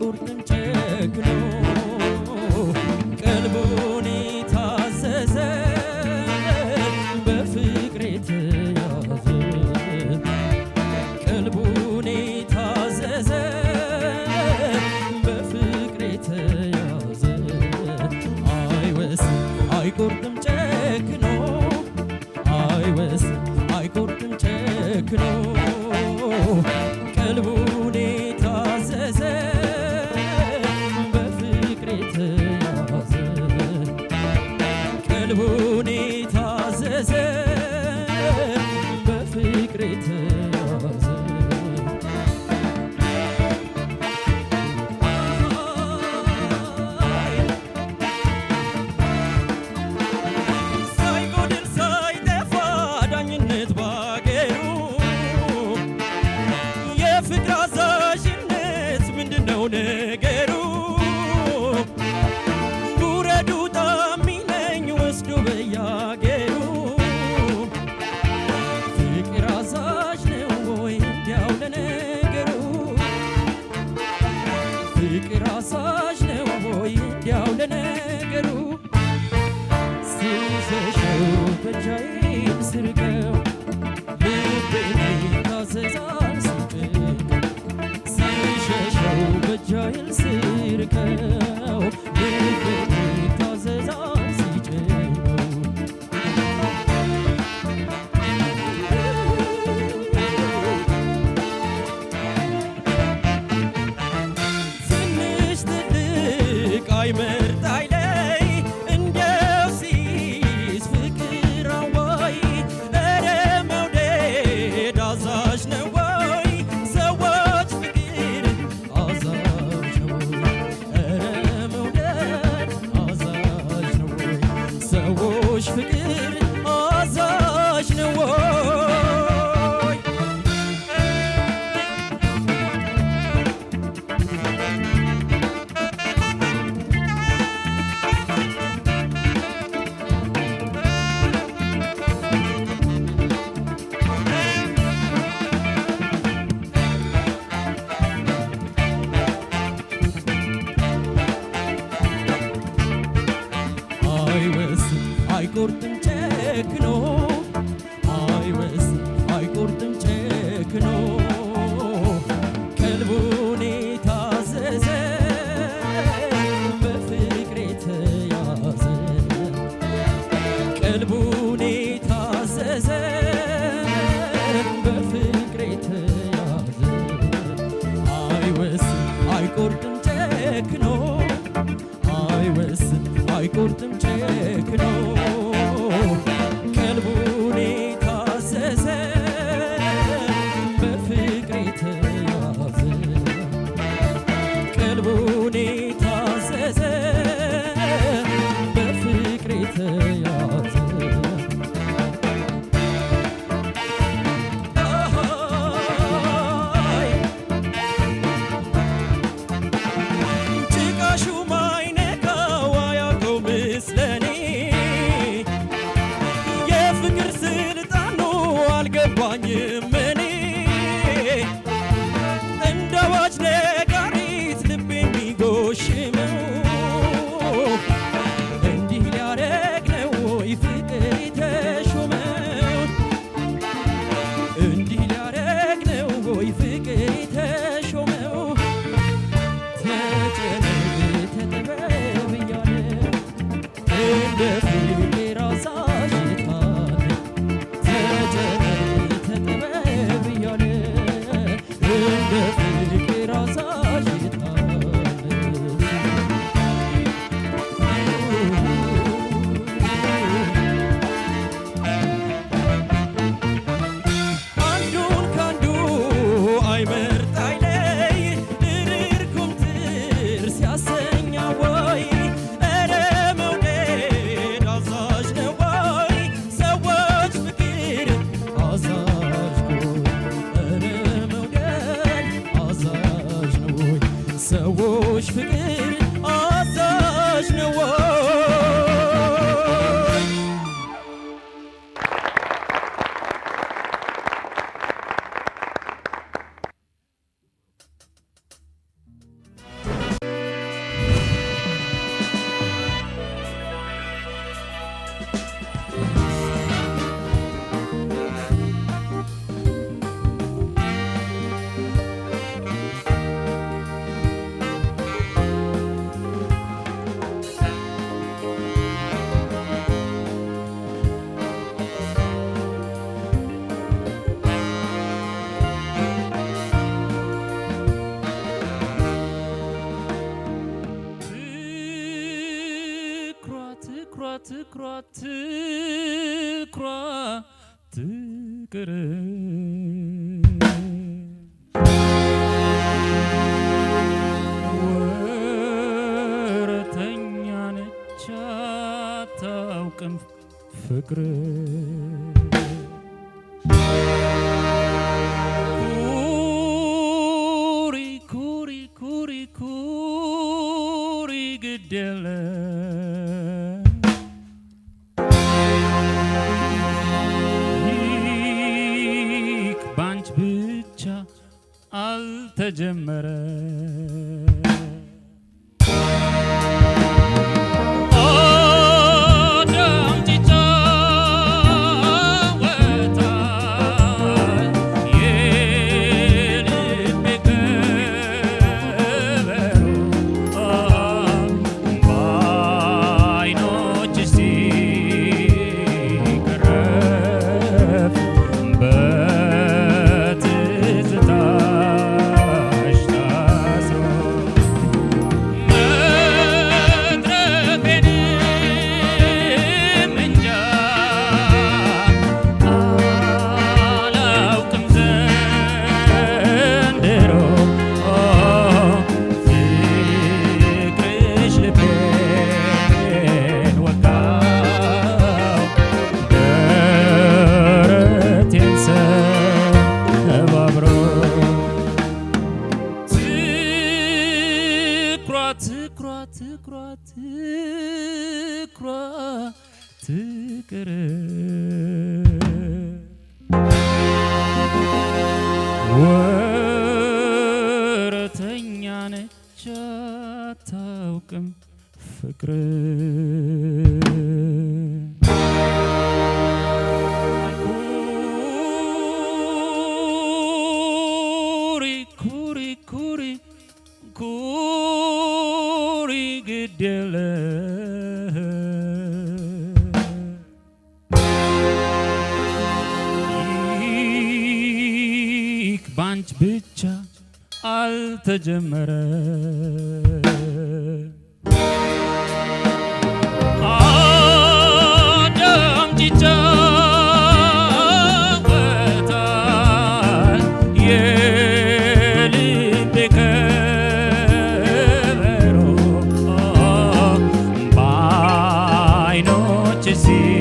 ቁርጥን ጨክኖ Jane's girl. Little baby causes ፍቅር love. ትኩራ ትኩራ ትቅር ወረተኛ ነች አታውቅም ፍቅር ተጀመረ አልተጀመረ to see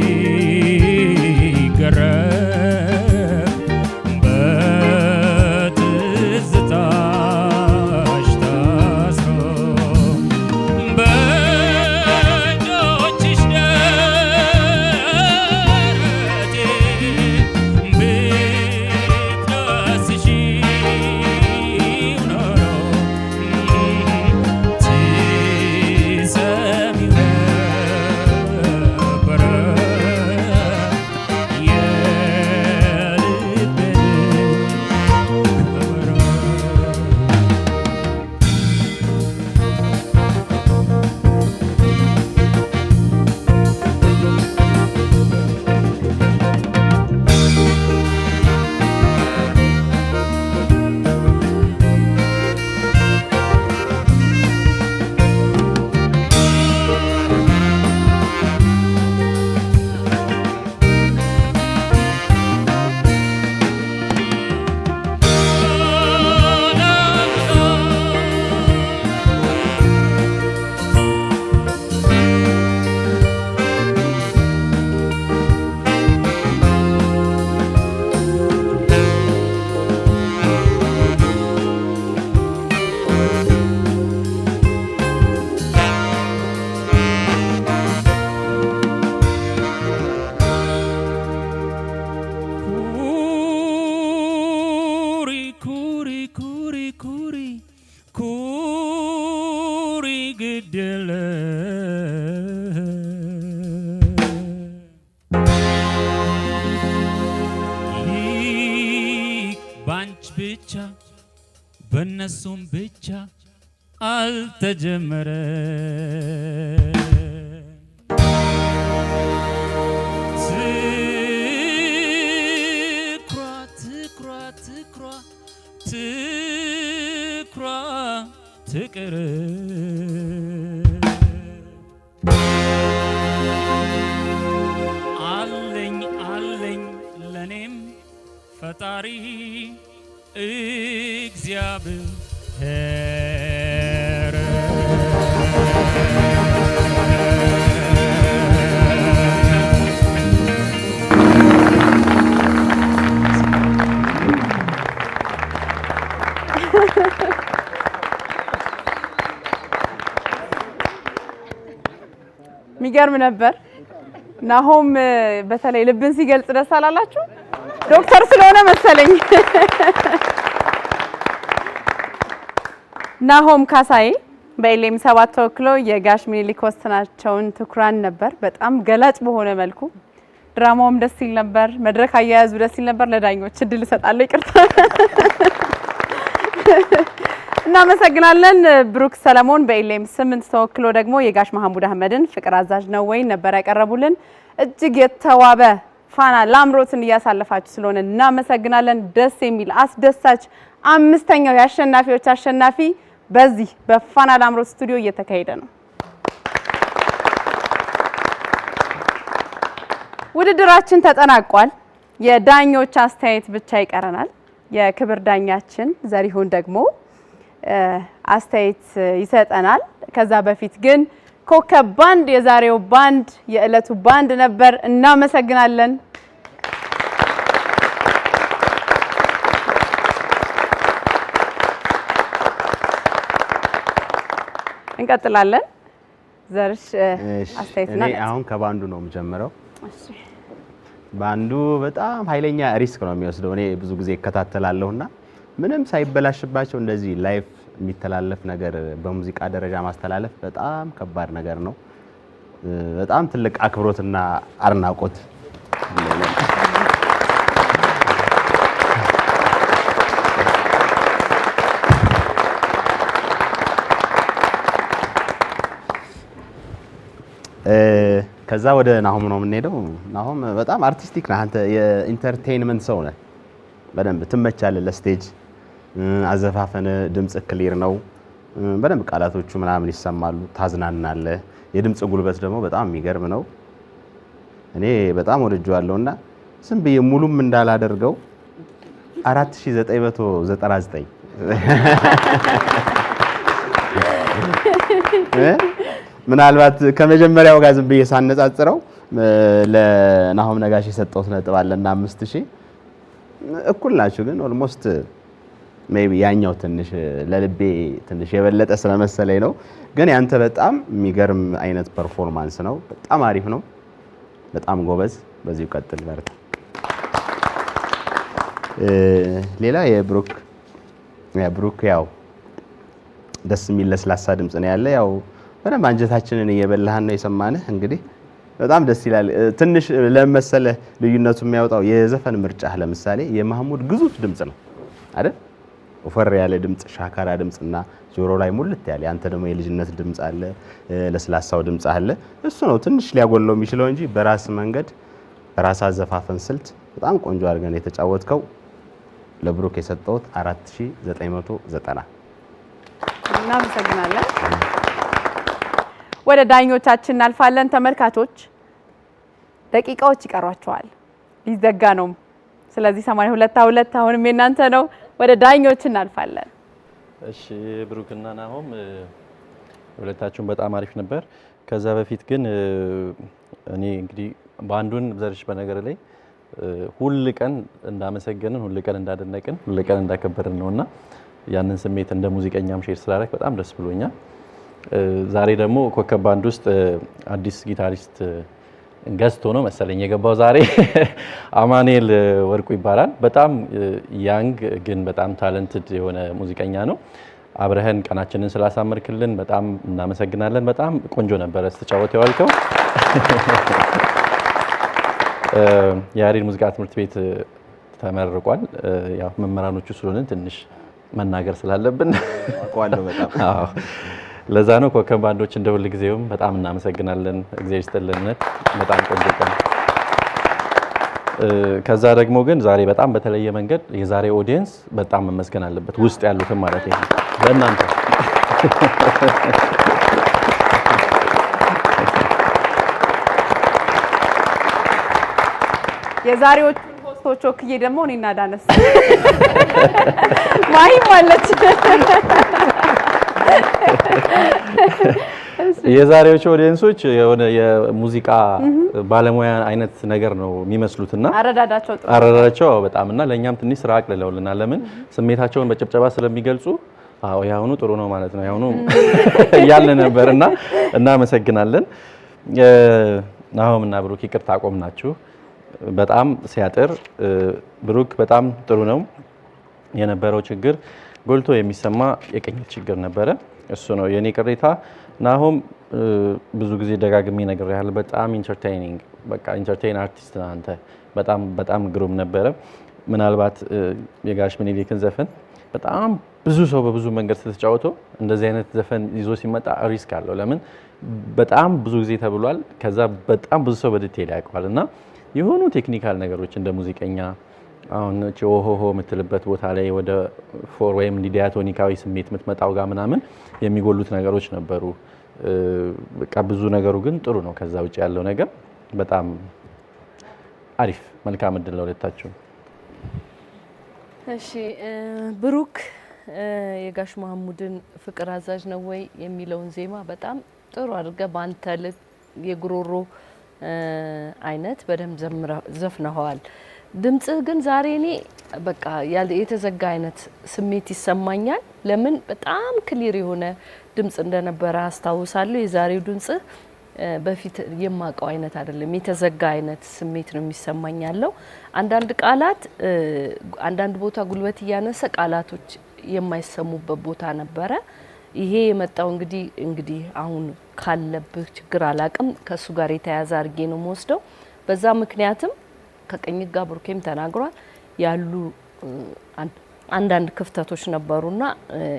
በእነሱም ብቻ አልተጀመረ ትኩራ ትኩራ ትኩራ ትኩራ ትቅር diabo era. የሚገርም ነበር። ናሆም በተለይ ልብን ሲገልጽ ደስ አላላችሁ? ዶክተር ስለሆነ መሰለኝ ናሆም ካሳይ በኤሌም ሰባት ተወክሎ የጋሽ ሚኒሊክ ወሰናቸውን ትኩራን ነበር። በጣም ገላጭ በሆነ መልኩ ድራማውም ደስ ሲል ነበር። መድረክ አያያዙ ደስ ሲል ነበር። ለዳኞች እድል እሰጣለሁ። ይቅርታ። እናመሰግናለን። ብሩክ ሰለሞን በኤሌም ስምንት ተወክሎ ደግሞ የጋሽ መሐሙድ አህመድን ፍቅር አዛዥ ነው ወይ ነበር ያቀረቡልን። እጅግ የተዋበ ፋና ላምሮትን እያሳለፋችሁ ስለሆነ እናመሰግናለን። ደስ የሚል አስደሳች አምስተኛው የአሸናፊዎች አሸናፊ በዚህ በፋና ላምሮት ስቱዲዮ እየተካሄደ ነው። ውድድራችን ተጠናቋል። የዳኞች አስተያየት ብቻ ይቀረናል። የክብር ዳኛችን ዘሪሁን ደግሞ አስተያየት ይሰጠናል። ከዛ በፊት ግን ኮከብ ባንድ የዛሬው ባንድ የእለቱ ባንድ ነበር። እናመሰግናለን። እንቀጥላለን። ዘርሽ አስተያየትና አሁን ከባንዱ ነው የምጀምረው። ባንዱ በጣም ኃይለኛ ሪስክ ነው የሚወስደው። እኔ ብዙ ጊዜ እከታተላለሁና ምንም ሳይበላሽባቸው እንደዚህ ላይፍ የሚተላለፍ ነገር በሙዚቃ ደረጃ ማስተላለፍ በጣም ከባድ ነገር ነው። በጣም ትልቅ አክብሮትና አድናቆት ከዛ ወደ ናሆም ነው የምንሄደው። ናሆም በጣም አርቲስቲክ ነህ አንተ፣ የኢንተርቴይንመንት ሰው ነህ። በደንብ ትመቻለህ ለስቴጅ። አዘፋፈን ድምፅ ክሊር ነው በደንብ ቃላቶቹ ምናምን ይሰማሉ። ታዝናናለህ። የድምፅ ጉልበት ደግሞ በጣም የሚገርም ነው። እኔ በጣም ወድጄዋለሁ እና ዝም ብዬ ሙሉም እንዳላደርገው 4999 ምናልባት ከመጀመሪያው ጋር ዝም ብዬ ሳነጻጽረው ለናሆም ነጋሽ የሰጠሁት ነጥብ እና አምስት ሺህ እኩል ናችሁ፣ ግን ኦልሞስት ሜይ ቢ ያኛው ትንሽ ለልቤ ትንሽ የበለጠ ስለመሰለኝ ነው። ግን ያንተ በጣም የሚገርም አይነት ፐርፎርማንስ ነው። በጣም አሪፍ ነው። በጣም ጎበዝ። በዚሁ ቀጥል፣ በርታ። ሌላ የብሩክ ያው ደስ የሚል ለስላሳ ድምፅ ነው ያለ ያው በደንብ አንጀታችንን እየበላህን ነው የሰማንህ። እንግዲህ በጣም ደስ ይላል። ትንሽ ለመሰለ ልዩነቱ የሚያወጣው የዘፈን ምርጫ ለምሳሌ የማህሙድ ግዙፍ ድምፅ ነው አይደል? ወፈር ያለ ድምፅ፣ ሻካራ ድምፅና ጆሮ ላይ ሙልት ያለ አንተ ደግሞ የልጅነት ድምፅ አለ፣ ለስላሳው ድምፅ አለ። እሱ ነው ትንሽ ሊያጎለው የሚችለው እንጂ በራስ መንገድ በራስ አዘፋፈን ስልት በጣም ቆንጆ አድርገን የተጫወትከው ለብሩክ የሰጠውት 4990 እናመሰግናለን። ወደ ዳኞቻችን እናልፋለን። ተመልካቾች ደቂቃዎች ይቀሯቸዋል፣ ሊዘጋ ነው። ስለዚህ 82 ሁለት አሁንም የእናንተ ነው። ወደ ዳኞች እናልፋለን። እሺ ብሩክና ናሆም ሁለታችሁም በጣም አሪፍ ነበር። ከዛ በፊት ግን እኔ እንግዲህ በአንዱን ዘርሽ በነገር ላይ ሁል ቀን እንዳመሰገንን ሁል ቀን እንዳደነቅን ሁል ቀን እንዳከበርን ነውና ያንን ስሜት እንደ ሙዚቀኛም ሼር ስላደረክ በጣም ደስ ብሎኛል። ዛሬ ደግሞ ኮከብ ባንድ ውስጥ አዲስ ጊታሪስት ገዝቶ ነው መሰለኝ የገባው። ዛሬ አማኔል ወርቁ ይባላል። በጣም ያንግ ግን በጣም ታለንትድ የሆነ ሙዚቀኛ ነው። አብረህን ቀናችንን ስላሳመርክልን በጣም እናመሰግናለን። በጣም ቆንጆ ነበረ ስትጫወት የዋልከው። የያሬድ ሙዚቃ ትምህርት ቤት ተመርቋል። ያው መምህራኖቹ ስለሆንን ትንሽ መናገር ስላለብን አውቀዋለሁ በጣም ለዛ ነው ኮከብ ባንዶች እንደ ሁል ጊዜውም በጣም እናመሰግናለን። እግዚአብሔር ይስጥልን። በጣም ቆንጆ ቀን። ከዛ ደግሞ ግን ዛሬ በጣም በተለየ መንገድ የዛሬ ኦዲየንስ በጣም መመስገን አለበት፣ ውስጥ ያሉትም ማለት ነው በእናንተ የዛሬዎቹ ሆስቶች ወክዬ ደግሞ እኔና ዳነስ ማሂም አለች። የዛሬዎቹ ኦዲየንሶች የሆነ የሙዚቃ ባለሙያ አይነት ነገር ነው የሚመስሉትና አረዳዳቸው አረዳዳቸው በጣም እና ለእኛም ትንሽ ስራ አቅልለውልናል። ለምን ስሜታቸውን በጭብጨባ ስለሚገልጹ አዎ ያሁኑ ጥሩ ነው ማለት ነው ያሁኑ እያለ ነበርና እና እናመሰግናለን። ናሆም እና ብሩክ ይቅርታ አቆም ናችሁ። በጣም ሲያጥር ብሩክ በጣም ጥሩ ነው የነበረው ችግር ጎልቶ የሚሰማ የቅኝት ችግር ነበረ። እሱ ነው የኔ ቅሬታ። ናሆም ብዙ ጊዜ ደጋግሜ ነገር ያህል በጣም ኢንተርቴይኒንግ በቃ ኢንተርቴይን አርቲስት አንተ በጣም በጣም ግሩም ነበረ። ምናልባት የጋሽ ምኒልክን ዘፈን በጣም ብዙ ሰው በብዙ መንገድ ስትጫወተው እንደዚህ አይነት ዘፈን ይዞ ሲመጣ ሪስክ አለው። ለምን በጣም ብዙ ጊዜ ተብሏል። ከዛ በጣም ብዙ ሰው በድቴል ያውቀዋል እና የሆኑ ቴክኒካል ነገሮች እንደ ሙዚቀኛ አሁን ኦሆሆ የምትልበት ቦታ ላይ ወደ ፎር ወይም ዲያቶኒካዊ ስሜት የምትመጣው ጋር ምናምን የሚጎሉት ነገሮች ነበሩ። በቃ ብዙ ነገሩ ግን ጥሩ ነው። ከዛ ውጭ ያለው ነገር በጣም አሪፍ መልካም እድል ለሁለታችሁ። እሺ ብሩክ የጋሽ መሐሙድን ፍቅር አዛዥ ነው ወይ የሚለውን ዜማ በጣም ጥሩ አድርገ በአንተ ልክ የጉሮሮ አይነት በደንብ ዘፍነኸዋል። ድምጽህ ግን ዛሬ እኔ በቃ የተዘጋ አይነት ስሜት ይሰማኛል። ለምን በጣም ክሊር የሆነ ድምጽ እንደነበረ አስታውሳለሁ። የዛሬው ድምጽህ በፊት የማውቀው አይነት አይደለም፣ የተዘጋ አይነት ስሜት ነው የሚሰማኝ ያለው። አንዳንድ ቃላት አንዳንድ ቦታ ጉልበት እያነሰ ቃላቶች የማይሰሙበት ቦታ ነበረ። ይሄ የመጣው እንግዲህ እንግዲህ አሁን ካለብህ ችግር አላቅም ከእሱ ጋር የተያያዘ አድርጌ ነው የምወስደው። በዛ ምክንያትም ከቀኝ ጋር ብሩኬም ተናግሯል ያሉ አንዳንድ ክፍተቶች ነበሩና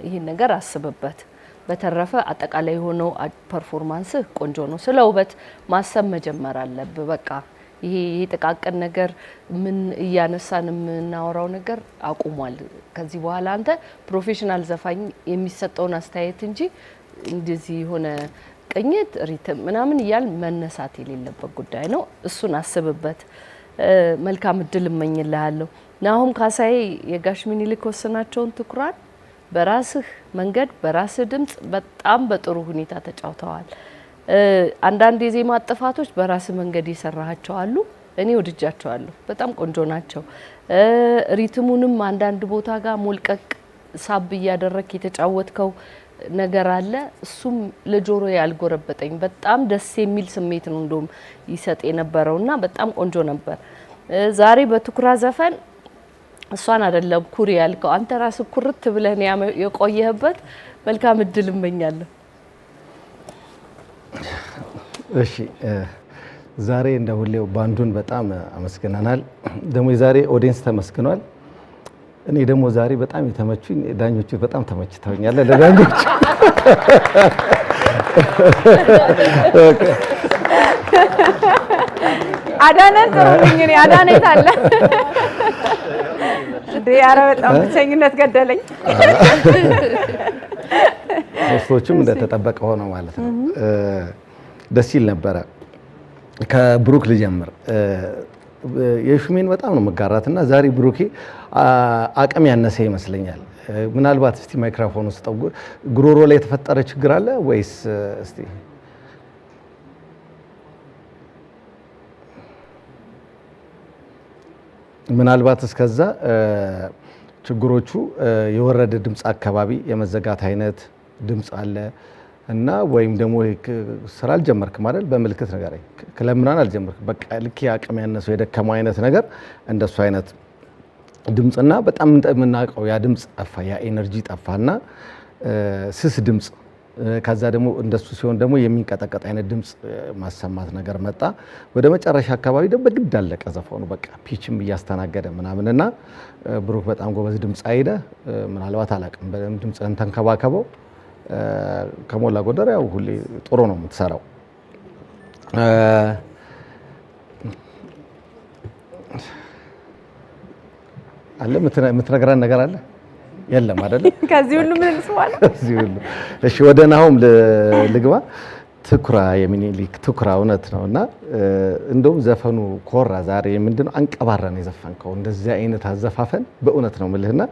ይህን ነገር አስብበት። በተረፈ አጠቃላይ የሆነው ፐርፎርማንስ ቆንጆ ነው። ስለ ውበት ማሰብ መጀመር አለብህ። በቃ ይሄ ጥቃቅን ነገር ምን እያነሳን የምናወራው ነገር አቁሟል። ከዚህ በኋላ አንተ ፕሮፌሽናል ዘፋኝ የሚሰጠውን አስተያየት እንጂ እንደዚህ የሆነ ቅኝት፣ ሪትም ምናምን እያል መነሳት የሌለበት ጉዳይ ነው። እሱን አስብበት። መልካም እድል እመኝልሃለሁ። ናሆም ካሳዬ የጋሽ ሚኒሊክ ወሰናቸውን ትኩራን በራስህ መንገድ በራስህ ድምፅ በጣም በጥሩ ሁኔታ ተጫውተዋል። አንዳንድ የዜማ ጥፋቶች በራስህ መንገድ የሰራሃቸው አሉ። እኔ ወድጃቸዋለሁ። በጣም ቆንጆ ናቸው። ሪትሙንም አንዳንድ ቦታ ጋር ሞልቀቅ ሳብ እያደረግ የተጫወትከው ነገር አለ። እሱም ለጆሮ ያልጎረበጠኝ በጣም ደስ የሚል ስሜት ነው እንደውም ይሰጥ የነበረው እና በጣም ቆንጆ ነበር። ዛሬ በትኩራ ዘፈን እሷን አይደለም ኩሪ ያልከው አንተ ራስ ኩርት ብለን የቆየህበት መልካም እድል እመኛለሁ። እሺ ዛሬ እንደ ሁሌው ባንዱን በጣም አመስግናናል። ደግሞ የዛሬ ኦዲየንስ ተመስግኗል። እኔ ደግሞ ዛሬ በጣም የተመቹኝ ዳኞቹ በጣም ተመችተውኛል። ለዳኞች አዳነን ጥሩ ልኝ አዳነት አለ ኧረ በጣም ብቸኝነት ገደለኝ። ሶስቶቹም እንደተጠበቀ ሆነው ማለት ነው። ደስ ይል ነበረ። ከብሩክ ልጀምር። የሹሜን በጣም ነው መጋራት እና ዛሬ ብሩኬ አቅም ያነሰ ይመስለኛል። ምናልባት እስቲ ማይክሮፎን ውስጥ ጉሮሮ ላይ የተፈጠረ ችግር አለ ወይስ? እስቲ ምናልባት እስከዛ ችግሮቹ የወረደ ድምፅ አካባቢ የመዘጋት አይነት ድምፅ አለ እና ወይም ደግሞ ስራ አልጀመርክም አይደል? በምልክት ነገር ክለምናን አልጀመርክም፣ በቃ ልክ አቅም ያነሰው የደከመው አይነት ነገር እንደሱ አይነት ድምፅና በጣም እንደምናውቀው ያ ድምፅ ጠፋ፣ ያ ኤነርጂ ጠፋና ስስ ድምፅ ከዛ ደግሞ እንደሱ ሲሆን ደግሞ የሚንቀጠቀጥ አይነት ድምፅ ማሰማት ነገር መጣ። ወደ መጨረሻ አካባቢ ደግሞ በግድ አለቀ ዘፈኑ በቃ ፒችም እያስተናገደ ምናምን እና ብሩክ በጣም ጎበዝ ድምፅ አይደ ምናልባት አላቅም በደም ድምፅህን ተንከባከበው። ከሞላ ጎደር ያው ሁሌ ጥሩ ነው የምትሰራው። አለ የምትነግረን ነገር አለ? የለም አይደለ? ከዚህ ሁሉ ምን እንስማለን? ከዚህ ሁሉ እሺ፣ ወደ ናሆም ልግባ። ትኩራ የሚኒሊክ ትኩራ እውነት ነው። እና እንደውም ዘፈኑ ኮራ ዛሬ ምንድነው አንቀባራን የዘፈንከው እንደዚህ አይነት አዘፋፈን በእውነት ነው ምልህና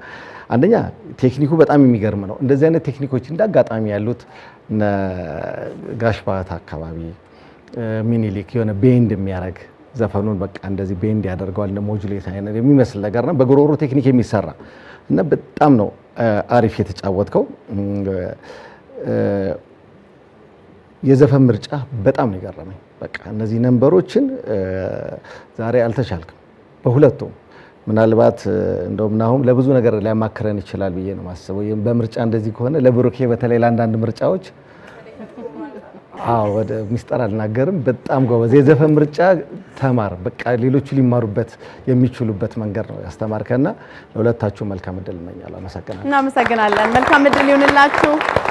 አንደኛ ቴክኒኩ በጣም የሚገርም ነው። እንደዚህ አይነት ቴክኒኮች እንደ አጋጣሚ ያሉት ጋሽ ባህታ አካባቢ ሚኒሊክ የሆነ ቤንድ የሚያደርግ ዘፈኑን በቃ እንደዚህ ቤንድ ያደርገዋል እንደ ሞጁሌት አይነት የሚመስል ነገር ነው። በጉሮሮ ቴክኒክ የሚሰራ እና በጣም ነው አሪፍ የተጫወትከው። የዘፈን ምርጫ በጣም ነው የገረመኝ። በቃ እነዚህ ነንበሮችን ዛሬ አልተቻልክም በሁለቱም ምናልባት እንደውም ናሁም ለብዙ ነገር ሊያማክረን ይችላል ብዬ ነው ማስበው። በምርጫ እንደዚህ ከሆነ ለብሩኬ በተለይ ለአንዳንድ ምርጫዎች ወደ አልናገርም። በጣም ጎበዝ የዘፈን ምርጫ ተማር። በቃ ሌሎቹ ሊማሩበት የሚችሉበት መንገድ ነው ያስተማርከና ለሁለታችሁ መልካም እድል እመኛለሁ። አመሰግናለሁ። እናመሰግናለን። መልካም እድል ይሁንላችሁ።